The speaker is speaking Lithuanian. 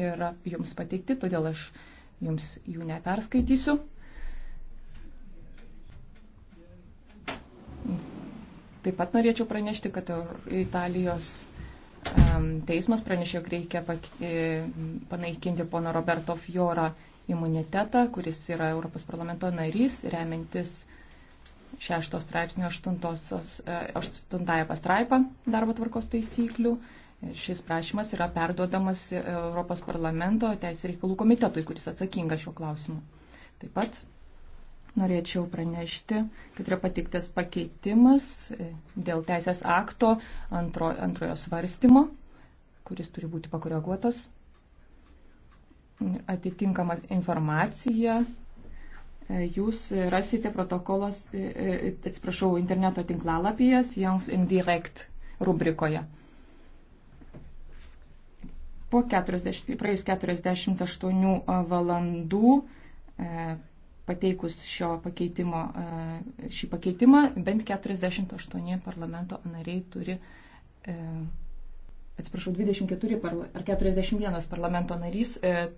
yra jums pateikti, todėl aš jums jų neperskaitysiu. Taip pat norėčiau pranešti, kad Italijos teismas pranešė, jog reikia e, panaikinti pono Roberto Fiora imunitetą, kuris yra Europos parlamento narys, remiantis 6 straipsnio 8 e, pastraipą darbo tvarkos taisyklių. Šis prašymas yra perduodamas Europos parlamento teisės reikalų komitetui, kuris atsakingas šiuo klausimu. Taip pat norėčiau pranešti, kad yra patiktas pakeitimas e, dėl teisės akto antro, antrojo svarstymo, kuris turi būti pakoreguotas. Atitinkama informacija E, jūs rasite protokolos, e, e, atsiprašau, interneto tinklalapyje Science in Direct rubrikoje. Po 40, praėjus 48 valandų pateikus šio pakeitimo, šį pakeitimą, bent 48 parlamento nariai turi, atsiprašau, 24 ar 41 parlamento narys turi.